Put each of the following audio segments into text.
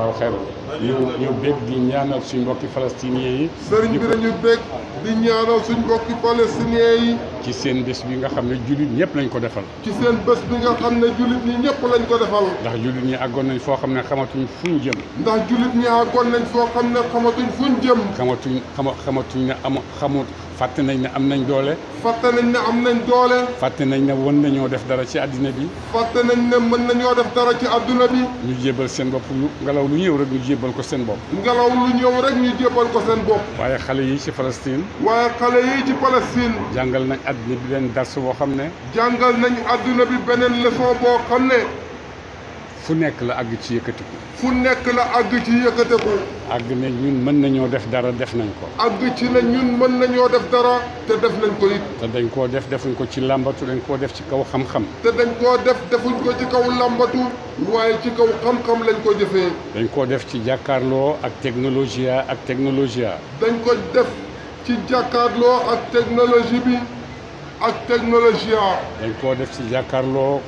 waaw xel ñu ñu bég di ñaanal suñ mbokki palestiniens yi. sëriñ bi nañu bég di ñaanal suñ mbokki palestiniens yi. ci seen bés bi nga xam ne jullit ñëpp lañ ko defal ci seen bés bi nga xam ne jullit ñi ñëpp lañ ko defal ndax jullit ñi àggoon nañ foo xam ne xamatuñ fu ñu jëm ndax jullit ñi àggoon nañ foo xam ne xamatuñ fu ñu jëm xamatuñ xamatuñ ne am xamut fàtte nañ ne am nañ doole fàtte nañ ne am nañ doole fàtte nañ ne wan nañoo def dara ci àddina bi fàtte nañ ne mën nañoo def dara ci àdduna bi ñu jébal seen bopp lu lu ñëw rek ñu jébal ko seen bopp ngelaw ko seen bopp waaye xale àdduna bi benn dars boo xam ne. jàngal nañu àdduna bi beneen leçon boo xam ne. fu nekk la àgg ci yëkkatiku. fu nekk la àgg ci yëkkatiku. àgg ne ñun mën nañoo def dara def nañ ko. àgg ci na ñun mën nañoo def dara te def nañ ko it. te dañ koo def defuñ ko ci làmbatu dañ koo def ci kaw xam-xam. te dañ koo def defuñ ko ci kaw làmbatu waaye ci kaw xam-xam lañ ko jëfee. dañ koo def ci jàkkaarloo ak technologie ak technologie. dañ ko def. ci jàkkaarloo ak technologie bi ak technologie dañ koo def ci jàkkaarloo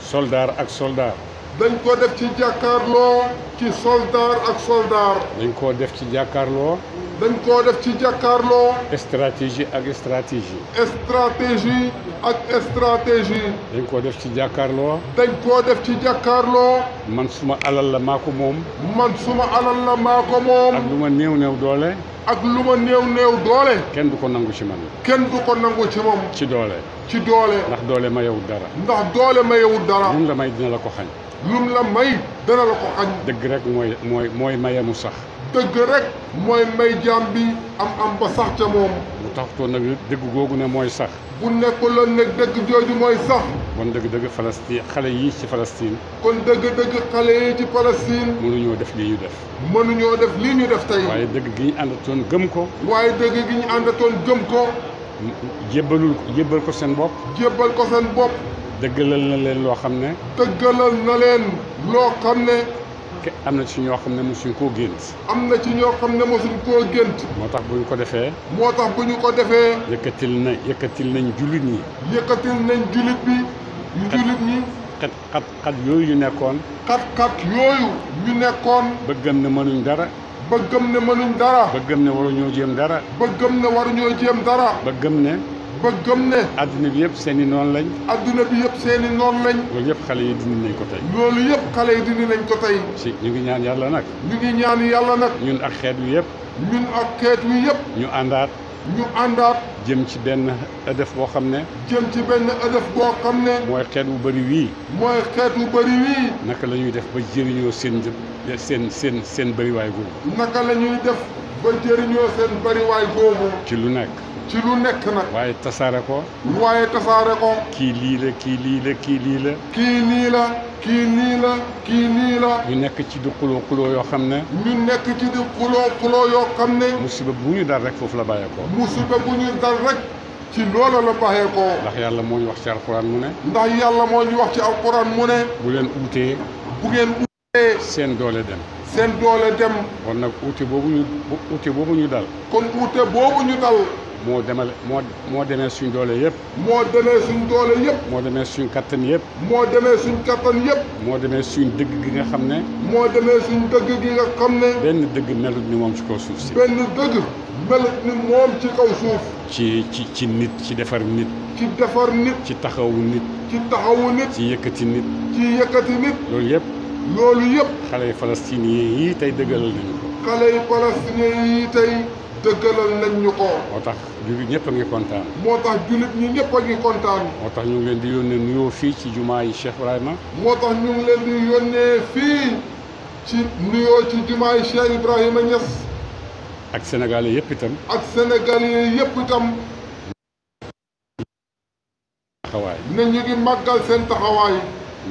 soldaar ak soldaar dañ ko def ci jàkkaarloo ci soldaar ak soldaar dañ koo def ci jàkkaarloo dañ koo def ci jàkkaarloo stratégie ak stratégie stratégie ak stratégie dañ koo def ci jàkkaarloo dañ koo def ci jàkkaarloo man suma alal la maa ko moom man suma alal la maa moom ak lu ma néew néew doole ak lu ma néew néew doole. kenn du ko nangu ci man. kenn du ko nangu ci moom. ci doole. ci doole. ndax doole mayewul dara. ndax doole mayewul dara. lu mu la may dina la ko xañ. lu mu may dana la ko xañ. dëgg rek mooy mooy mooy maye mu sax. dëgg rek mooy may jaam bi am am ba sax ca moom. mu taxutoon nag dëgg googu ne mooy sax. bu nekkul la nag dëgg jooju mooy sax. kon dégg dëgg Palestine xale yi ci Palestine. kon dëgg-dëgg xale yi ci Palestine. mënuñoo def lii ñu def. mënuñoo def lii ñu def tey. waaye dégg gi ñu àndatoon gëm ko. waaye dégg gi ñu àndatoon gëm ko. jébbalul jébbal ko seen bopp. jébbal ko seen bopp. dëggalal na leen loo xam ne. dëggalal na leen loo xam ne. am na ci ñoo xam ne mosuñ koo gént. am na ci ñoo xam ne mosuñ koo gént. moo tax bu ñu ko defee. moo tax bu ñu ko defee. yëkkatil na yëkkatil nañ jullit ñi. yëkkatil nañ jullit bi. ñu jullit ñi xat xat xat yooyu ñu nekkoon xat xat yooyu ñu nekkoon ba gëm ne mënuñ dara ba gëm ne mënuñ dara ba gëm ne waruñoo jéem dara ba gëm ne waruñoo jéem dara ba gëm ne ba gëm ne adduna bi yëpp seen i noonu lañ adduna bi yëpp seeni noon lañ loolu yëpp xale yi dindi nañ ko tey loolu yëpp xale yi dindi nañ ko tey si ñu ngi ñaan yàlla nag ñu ngi ñaan yàlla nag ñun ak xeet wi yëpp ñun ak xeet wi yëpp ñu àndaat ñu àndaat. jëm ci benn ëdëf boo xam ne. jëm ci benn ëdëf boo xam ne. mooy xeet wu bari wii. mooy xeet wu bëri wii. naka lañuy def ba jëriñoo seen seen seen seen bëriwaay googu. naka la ñuy def ba jëriñoo seen bëriwaay googu. ci lu nekk. ci lu nekk nag. waaye tasaare ko. waaye tasaare ko. kii lii la kii lii la kii lii la. kii nii la kii nii la kii nii la. ñu nekk ci di xuloo xuloo yoo xam ne. ñu nekk ci di xuloo xuloo yoo xam ne. musiba bu ñu dal rek foofu la bàyyeekoo. musiba bu ñu dal rek. ci loola la bàyyeekoo. ndax yàlla moo ñu wax ci alquran mu ne. ndax yàlla moo ñu wax ci alquran mu ne. bu leen uutee. bu ngeen uutee. seen doole dem. seen doole dem. kon nag uute boobu ñu uute boobu uute boobu ñu dal. moo demal moo moo demee suñ doole yëpp moo demee suñ doole yëpp moo demee suñu kattan yëpp moo demee suñ kattan yëpp moo demee suñ dëgg gi nga xam ne moo demee suñu dëgg gi nga xam ne benn dëgg melut ni moom ci kaw suuf si benn dëgg melut ni moom ci kaw suuf ci ci ci nit ci defar nit ci defar nit ci taxawu nit ci taxawu nit ci yëkkati nit ci yëkkati nit loolu yëpp loolu yëpp xale yi palestiniens yi tey dëggalal nañu ko xale yi palestiniens yi tey dëggalal nañ ñu ko. moo tax jullit ñëpp a ngi kontaan. moo tax jullit ñi ñëpp a ngi kontaan. moo tax ñu ngi leen di yónnee nuyoo fii ci jumaa yi Cheikh Ibrahima. moo tax ñu ngi leen yónnee fii ci nuyoo ci jumaa ak sénégalais yëpp itam. ak sénégalais yëpp itam. taxawaay. ne ñu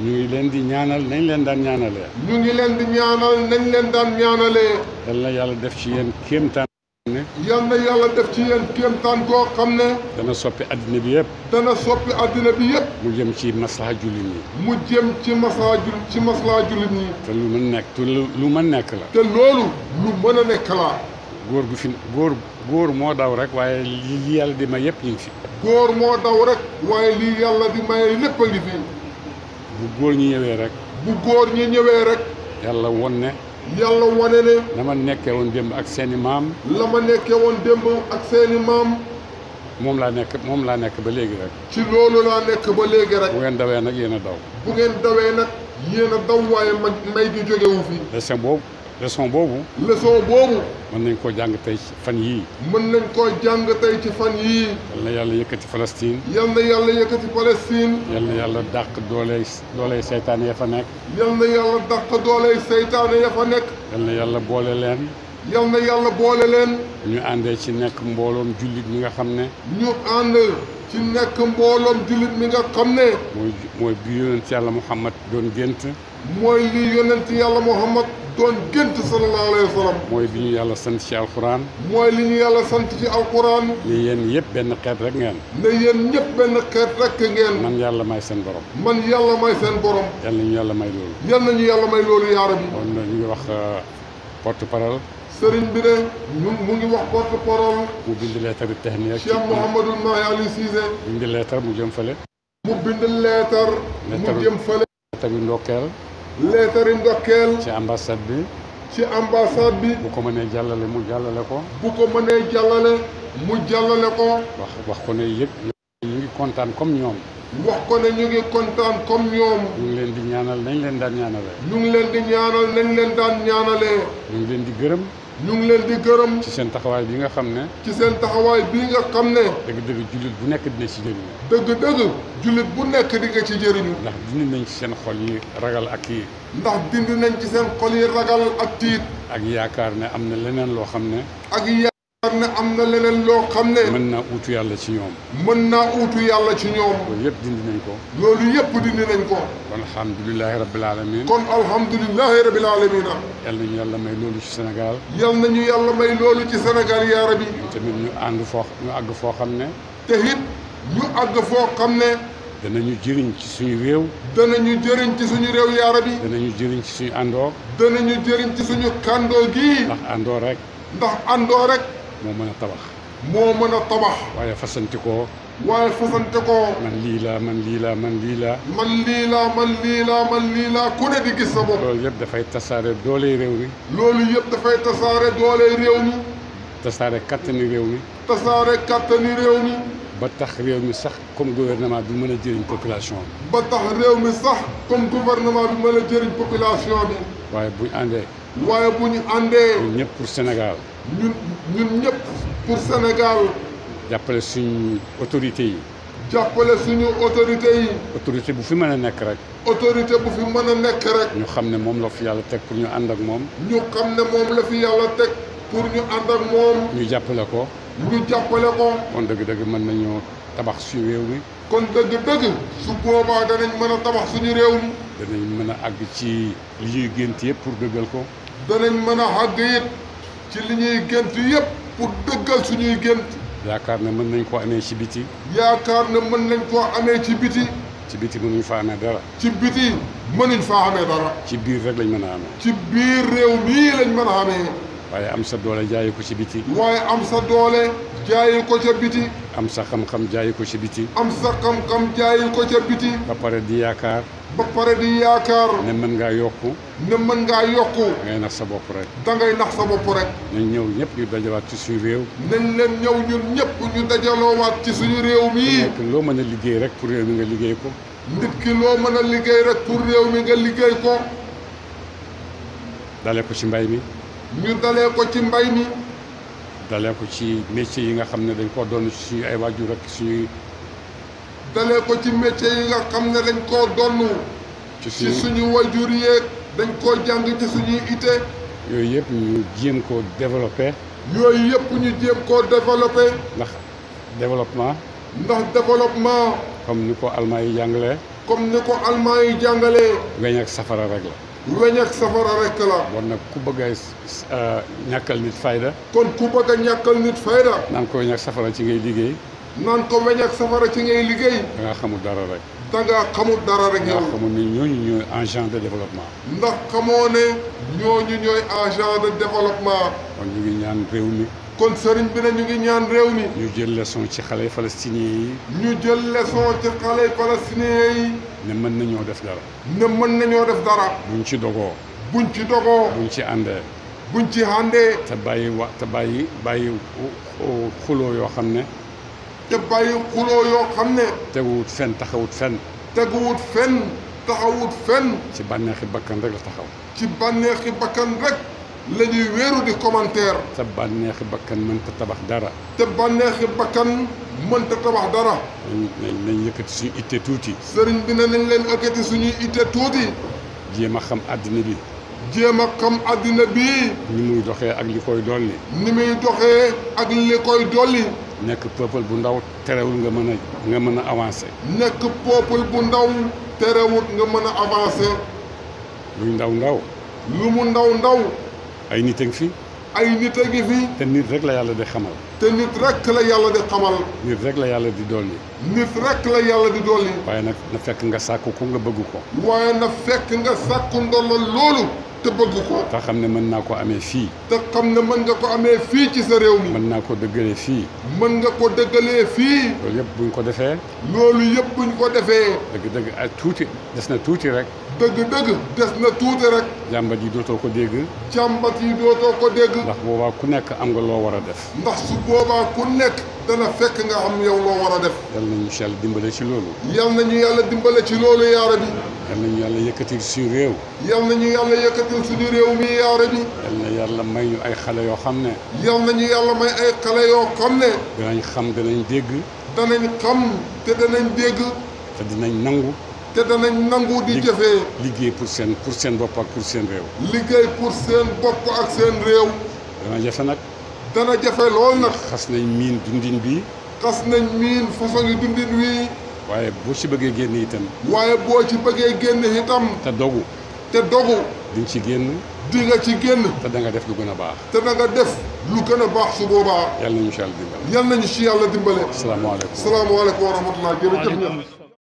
ñu ngi leen di ñaanal nañ leen daan ñaanalee. ñu ngi leen di ñaanal nañ leen daan ñaanalee. yal na yàlla def ci yen yéen kéemtaan. ne na yàlla def ci yéen kéemtaan koo xam ne dana soppi addina bi yëpp dana soppi addina bi yëpp mu jëm ci maslaha jullit ñi mu jëm ci maslaha ci maslaha jullit ñi te lu mën nekk te lu mën nekk la te loolu lu mën a nekk la góor gu fi góor góor moo daw rek waaye lii yàlla di may yëpp ñu fi góor moo daw rek waaye lii yàlla di may lépp a fi bu góor ñi ñëwee rek bu góor ñi ñëwee rek yàlla won ne yàlla wane ne. na ma nekkee woon démb ak seeni maam. la ma nekkee woon démb ak seeni maam. moom laa nekk moom laa nekk ba léegi rek. ci loolu laa nekk ba léegi rek. bu ngeen dawee nag yéen a daw. bu ngeen dawee nag yéen a daw waaye mag may di jógewu fi. destin boobu. leçon boobu. leçon boobu. mën nañ koo jàng tey ci fan yii. mën nañ koo jàng tey ci fan yii. yal na yàlla yëkkati Palestine. yal na yàlla yëkkati Palestine. yal na yàlla dàq dooley dooley seytaane ya fa nekk. yal na yàlla dàq dooley seytaane ya fa nekk. yal na yàlla boole yal na yàlla boole leen. ñu àndee ci nekk mbooloom jullit mi nga xam ne. ñu ànd ci nekk mbooloom jullit mi nga xam ne. mooy mooy bi yonent yàlla Muhammad doon gént. mooy li yonent yàlla Muhammad doon gént sallallahu alayhi wa mooy bi ñu yàlla sant ci alquran. mooy li ñu yàlla sant ci alquran. ne yéen yëpp benn xeet rek ngeen. ne yéen ñëpp benn xeet rek ngeen. man yàlla may seen borom. man yàlla may seen borom. yal nañu yàlla may loolu. yal nañu yàlla may loolu yaa rabbi. kon sëriñ bi de mu ngi wax porte parole. mu bind leetar bi tahniya. Cheikh Mouhamadul Mahi Ali Cissé. bind leetar mu jëm fële. mu bind leetar. mu jëm fële. leetar yu ci ambassade bi. ci ambassade bi. bu ko mënee jàllale mu jàllale ko. bu ko mënee jàllale mu jàllale ko. wax wax ko ne yëpp ñu ngi kontaan comme ñoom. wax ko ne ñu ngi kontaan comme ñoom. ñu leen di ñaanal nañ leen daan ñaanalee. ñu ngi leen di ñaanal ñu leen di gërëm. ñu ngi leen di gërëm. ci seen taxawaay bi nga xam ne. ci seen taxawaay bii nga xam ne. dëgg-dëgg jullit bu nekk dina ci jëriñu. dëgg-dëgg jullit bu nekk di nga ci jëriñu. ndax dindi nañ ci seen xol yi ragal ak tiit. ndax dindi nañ ci seen xol yi ragal ak tiit. ak yaakaar ne am na leneen loo xam ne. ak am na leneen loo xam ne. mën naa uutu yàlla ci ñoom. mën naa uutu yàlla ci ñoom. loolu yëpp dindi nañ ko. loolu yëpp dindi nañ ko. kon alhamdulilahi rabil alamin kon alhamdulilahi rabil alamina. yal ñu yàlla may loolu ci Sénégal. yal nañu yàlla may loolu ci Sénégal yaa rabi. tamit ñu ànd foo ñu àgg foo xam ne. te ñu àgg foo xam ne. danañu jëriñ ci suñu réew. ñu jëriñ ci suñu réew yaara bi. danañu jëriñ ci suñu àndoo. danañu jëriñ ci suñu kàndoo gi ndax àndoo rek. ndax àndoo rek. moo mën a tabax moo mën a tabax waaye fasante ko waaye fasante koo man lii laa man lii laa man lii laa man lii laa man lii laa man lii laa ku ne di gis sa loolu yëpp dafay tasaare dooley réew mi loolu yëpp dafay tasaare dooley réew mi tasaare kattani réew mi tasaare kattani réew mi ba tax réew mi sax comme gouvernement bi mën a jëriñ population bi ba tax réew mi sax comme gouvernement bi mën a jëriñ population bi waaye bu ñu àndee waaye bu ñu àndee ñun ñëpp pour ñun ñëpp pour Sénégal. jàppale suñu autorité yi. jàppale suñu autorité yi. autorité bu fi mën a nekk rek. autorité bu fi mën a nekk rek. ñu xam ne moom la fi yàlla teg pour ñu ànd ak moom. ñu xam ne moom la fi yàlla teg ñu ànd ak moom. jàppale ko. ñu jàppale ko. kon dëgg-dëgg mën nañu tabax suñu réew mi. kon dëgg-dëgg. su boobaa danañ mën a tabax suñu réew mi. danañ mën a àgg ci li ñuy gént yëpp pour dëggal ko. danañ mën a àgg ci li ñuy gént yépp pour dëggal suñuy gént yaakaar ne mën nañ koo amee ci biti yaakaar ne mën nañ koo amee ci biti ci biti mënuñ fa amee dara ci biti mënuñ faa amee dara ci biir rek lañ mën a amee ci biir réew mii lañ mën a amee waaye am sa doole jaayi ko ci biti waaye am sa doole jaayi ko ca biti am sa xam-xam jaayi ko ci biti am sa xam-xam jaayi ko ci biti ba pare di yaakaar ba pare di yaakaar ne mën ngaa yokku ne mën ngaa yokku da ngay nax sa bopp rek da nax sa bopp rek nañ ñëw ñëpp ñu dajalaat ci suñu réew nañ leen ñëw ñun ñëpp ñu dajaloowaat ci suñu réew mi nekk loo mën a liggéey rek pour réew mi nga liggéey ko nit ki loo mën a liggéey rek pour réew mi nga liggéey ko dalee ko ci mbay mi ñu dalee ko ci mbay mi dalee ko ci métier yi nga xam ne dañ koo doon ci suñu ay waajur ak suñuy. dalee ko ci métier yi nga xam ne dañ koo donn ci suñu ci suñu waajur yeeg dañ koo jàng ci suñuy ite. yooyu yëpp ñu jéem koo développé. yooyu yëpp ñu jéem koo développé. ndax développement. ndax développement. comme ni ko allemand yi jàngalee. comme ni ko allemand yi jàngalee. weñ ak safara rek la. weñ ak safara rek la. bon nag ku bëgg a uh, ñàkkal nit fayda. kon ku bëgg a ñàkkal nit fayda. naan ko weñ safara ci ngay liggéey. naan ko weñ ak safara ci ngay liggéey. da ngaa xamul dara rek. da ngaa xamul dara rek. yow xamul ne ñooñu ñooy agent de développement. ndax xamoo ne ñooñu ñooy agent de développement. kon ñu ngi ñaan réew mi. kon sëriñ bi ne ñu ngi ñaan réew mi. ñu jël leçon ci xale palestiniens yi. ñu jël leçon ci xale palestiniens yi. ne mën nañoo def dara. ne mën nañoo def dara. buñ ci dogoo. buñ ci dogoo. buñ ci àndee. buñ ci àndee. te wa te bàyyi bàyyi xuloo yoo xam ne. te bàyyi xuloo yoo xam ne. teguwut fenn taxawut fenn. teguwut fenn taxawut fenn. ci bànneexi bakkan rek la taxaw. ci bànneexi bakkan rek. la weeru wéeru di commentaire. te bànneexi bakkan mënta tabax dara. te bànneexi bakkan mënta tabax dara. nañ nañ yëkkati suñu itte tuuti. sëriñ bi na nañ leen yëkkati suñuy ite tuuti. jéem a xam àddina bi. jéem a xam àddina bi. ni muy doxee ak li koy dolli. ni muy doxee ak li koy dolli. nekk peuple bu ndaw terewul nga mën a nga mën a avancé. nekk peuple bu ndaw terewul nga mën a avancé. luy ndaw ndaw. lu mu ndaw ndaw. ay nit a ngi fi. ay nit a ngi fi. te nit rek la yàlla di xamal. te nit rek la yàlla di xamal. nit rek la yàlla di dolli. nit rek la yàlla di dolli. waaye nag na fekk nga sàkku ko nga bëgg ko. waaye na fekk nga sàkku ndollo loolu. te bëgg ko. te xam ne mën naa ko amee fii. te xam ne mën nga ko amee fii ci sa réew mi. mën naa ko dëggalee fii. mën nga ko dëggalee fii. loolu yëpp buñ ko defee. loolu yëpp buñ ko defee. dëgg dëgg ak ah, tuuti des na tuuti rek. dëgg-dëgg des na tuuti rek jàmbat yi dootoo ko dégg jàmbat yi dootoo ko dégg ndax boobaa ku nekk am nga loo war a def ndax su boobaa ku nekk dana fekk nga am yow loo war a def yal nañu si yàlla dimbale ci loolu yal nañu yàlla dimbale ci loolu yaara bi yal nañu yàlla yëkkatil suñu réew yal nañu yàlla yëkkatil suñu réew mi yaara bi yal na yàlla may ñu ay xale yoo xam ne yal nañu yàlla may ay xale yoo xam ne danañ xam danañ dégg danañ xam te danañ dégg te dinañ nangu te danañ nangu di jëfee. liggéey pour seen pour seen bopp ak pour seen réew. liggéey pour seen bopp ak seen réew. dana jafe nag. dana jafe lool nag. xas nañ miin dundin bi. xas nañ miin façon yi dundin wi. waaye boo ci bëggee génn itam. waaye boo ci bëggee génn itam. te dogu. te dogu. di ci génn. di nga ci génn. te da nga def lu gën a baax. te da def lu gën a baax su boobaa. yal nañu ci yàlla dimbale. yal nañu ci yàlla dimbale. salaamaaleykum salaamaaleykum wa rahmatulah jërëjëf